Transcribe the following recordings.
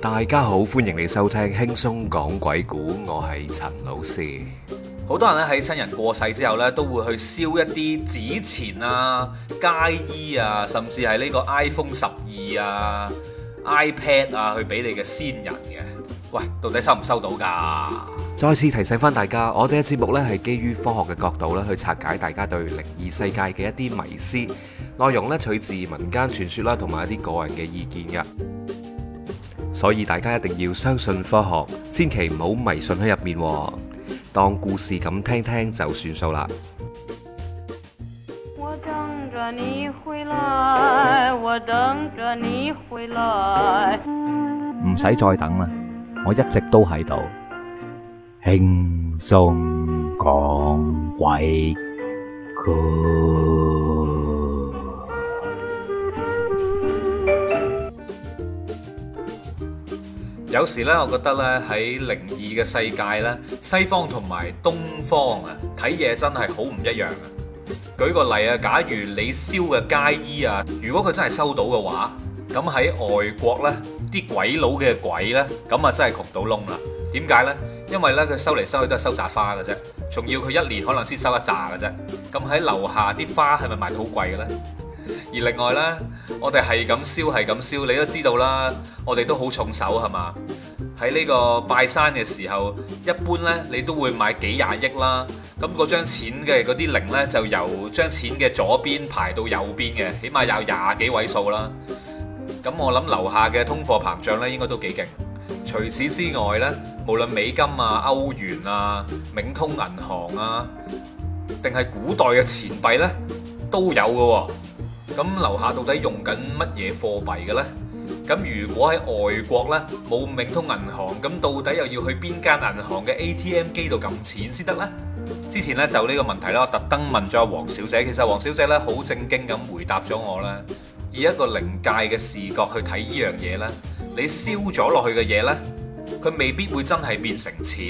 大家好，歡迎嚟收聽輕鬆講鬼故。我係陳老師。好多人咧，喺親人過世之後咧，都會去燒一啲紙錢啊、街衣啊，甚至係呢個 iPhone 十二啊、iPad 啊，去俾你嘅先人嘅。喂，到底收唔收到噶？再次提醒翻大家，我哋嘅節目呢係基於科學嘅角度咧去拆解大家對靈異世界嘅一啲迷思，內容咧取自民間傳說啦，同埋一啲個人嘅意見嘅。所以大家一定要相信科學，千祈唔好迷信喺入面，當故事咁聽聽就算數啦。我等著你回來，我等著你回來。唔使再等啦，我一直都喺度，輕鬆講鬼故事。有時咧，我覺得咧喺靈異嘅世界咧，西方同埋東方啊，睇嘢真係好唔一樣啊！舉個例啊，假如你燒嘅街衣啊，如果佢真係收到嘅話，咁喺外國咧，啲鬼佬嘅鬼咧，咁啊真係窮到窿啦！點解咧？因為咧佢收嚟收去都係收紮花嘅啫，仲要佢一年可能先收一紮嘅啫。咁喺樓下啲花係咪賣得好貴嘅咧？而另外呢，我哋係咁燒，係咁燒，你都知道啦。我哋都好重手係嘛。喺呢個拜山嘅時候，一般呢，你都會買幾廿億億啦。咁、嗯、嗰張錢嘅嗰啲零呢，就由張錢嘅左邊排到右邊嘅，起碼有廿幾位數啦。咁、嗯、我諗留下嘅通貨膨脹呢，應該都幾勁。除此之外呢，無論美金啊、歐元啊、冥通銀行啊，定係古代嘅錢幣呢，都有噶、啊。咁樓下到底用緊乜嘢貨幣嘅咧？咁如果喺外國咧，冇明通銀行，咁到底又要去邊間銀行嘅 ATM 機度撳錢先得咧？之前咧，就呢個問題啦，我特登問咗黃小姐，其實黃小姐咧好正經咁回答咗我咧，以一個靈界嘅視角去睇呢樣嘢咧，你燒咗落去嘅嘢咧，佢未必會真係變成錢，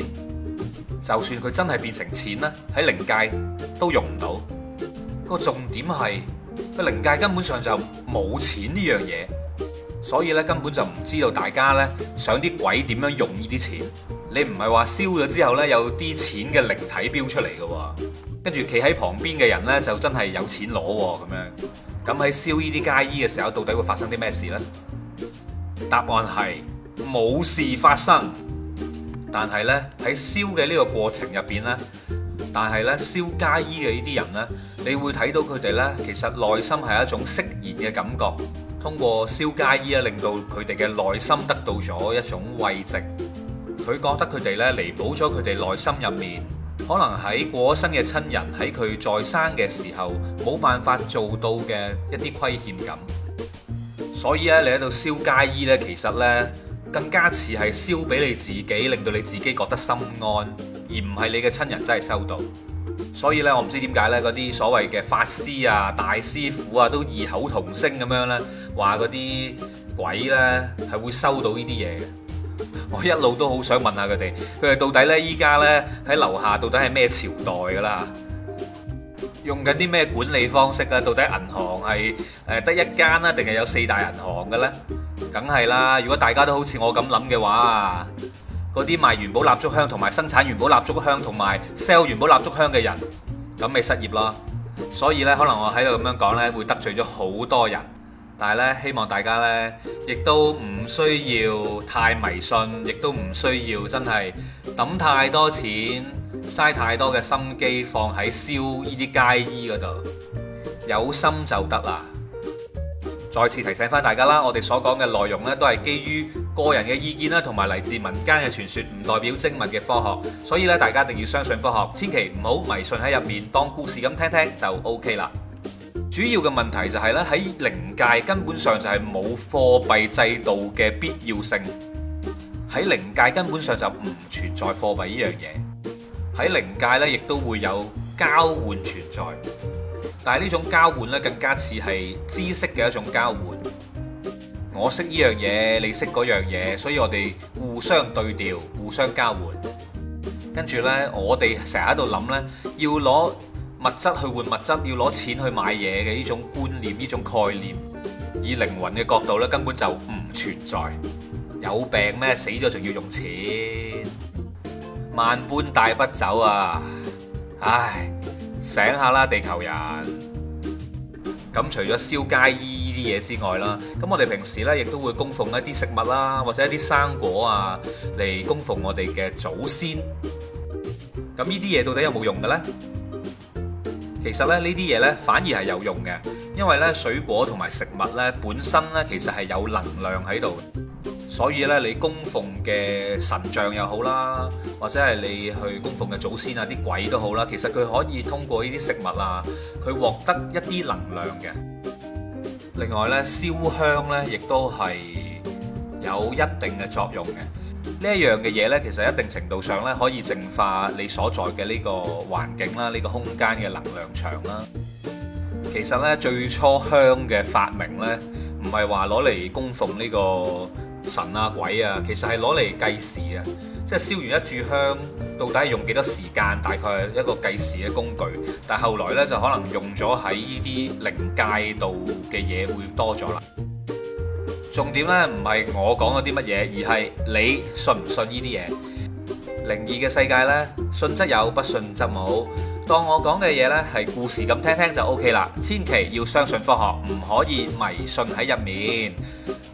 就算佢真係變成錢咧，喺靈界都用唔到。個重點係。個靈界根本上就冇錢呢樣嘢，所以咧根本就唔知道大家咧想啲鬼點樣用呢啲錢。你唔係話燒咗之後咧有啲錢嘅靈體飆出嚟嘅，跟住企喺旁邊嘅人呢，就真係有錢攞咁樣。咁喺燒呢啲街衣嘅時候，到底會發生啲咩事呢？答案係冇事發生，但係呢，喺燒嘅呢個過程入邊呢。但係咧，燒家衣嘅呢啲人呢，你會睇到佢哋呢，其實內心係一種釋然嘅感覺。通過燒家衣啊，令到佢哋嘅內心得到咗一種慰藉。佢覺得佢哋呢，彌補咗佢哋內心入面，可能喺過咗身嘅親人喺佢在生嘅時候冇辦法做到嘅一啲虧欠感。所以咧，你喺度燒家衣呢，其實呢，更加似係燒俾你自己，令到你自己覺得心安。而唔係你嘅親人真係收到，所以呢，我唔知點解呢嗰啲所謂嘅法師啊、大師傅啊都異口同聲咁樣呢，話嗰啲鬼呢係會收到呢啲嘢嘅。我一路都好想問下佢哋，佢哋到底呢？依家呢，喺樓下到底係咩朝代噶啦？用緊啲咩管理方式啊？到底銀行係誒得一間啊，定係有四大銀行嘅呢？梗係啦，如果大家都好似我咁諗嘅話。嗰啲賣元寶蠟燭香同埋生產元寶蠟燭香同埋 sell 元寶蠟燭香嘅人，咁咪失業咯。所以呢，可能我喺度咁樣講呢，會得罪咗好多人。但係呢，希望大家呢，亦都唔需要太迷信，亦都唔需要真係抌太多錢、嘥太多嘅心機放喺燒呢啲街衣嗰度。有心就得啦。再次提醒翻大家啦，我哋所講嘅內容呢，都係基於個人嘅意見啦，同埋嚟自民間嘅傳說，唔代表精密嘅科學，所以咧，大家一定要相信科學，千祈唔好迷信，喺入面當故事咁聽聽就 OK 啦。主要嘅問題就係咧，喺靈界根本上就係冇貨幣制度嘅必要性，喺靈界根本上就唔存在貨幣呢樣嘢。喺靈界咧，亦都會有交換存在，但係呢種交換咧，更加似係知識嘅一種交換。我識呢樣嘢，你識嗰樣嘢，所以我哋互相對調，互相交換。跟住呢，我哋成日喺度諗呢要攞物質去換物質，要攞錢去買嘢嘅呢種觀念、呢種概念，以靈魂嘅角度呢根本就唔存在。有病咩？死咗仲要用錢？萬般帶不走啊！唉，醒下啦，地球人。咁除咗燒街衣。啲嘢之外啦，咁我哋平時呢亦都會供奉一啲食物啦，或者一啲生果啊，嚟供奉我哋嘅祖先。咁呢啲嘢到底有冇用嘅呢？其實咧，呢啲嘢呢反而係有用嘅，因為呢，水果同埋食物呢本身呢其實係有能量喺度，所以呢你供奉嘅神像又好啦，或者係你去供奉嘅祖先啊、啲鬼都好啦，其實佢可以通過呢啲食物啊，佢獲得一啲能量嘅。另外咧，燒香咧，亦都係有一定嘅作用嘅。呢一樣嘅嘢咧，其實一定程度上咧，可以淨化你所在嘅呢個環境啦、呢個空間嘅能量場啦。其實咧，最初香嘅發明咧，唔係話攞嚟供奉呢個神啊鬼啊，其實係攞嚟計時啊。即係燒完一炷香，到底用幾多時間？大概係一個計時嘅工具。但係後來呢，就可能用咗喺呢啲靈界度嘅嘢會多咗啦。重點呢，唔係我講咗啲乜嘢，而係你信唔信呢啲嘢？靈異嘅世界呢，信則有，不信則冇。當我講嘅嘢呢，係故事咁，聽聽就 OK 啦。千祈要相信科學，唔可以迷信喺入面。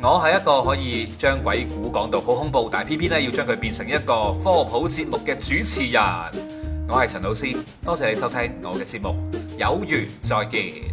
我係一個可以將鬼故講到好恐怖，但偏偏咧要將佢變成一個科普節目嘅主持人。我係陳老師，多謝你收聽我嘅節目，有緣再見。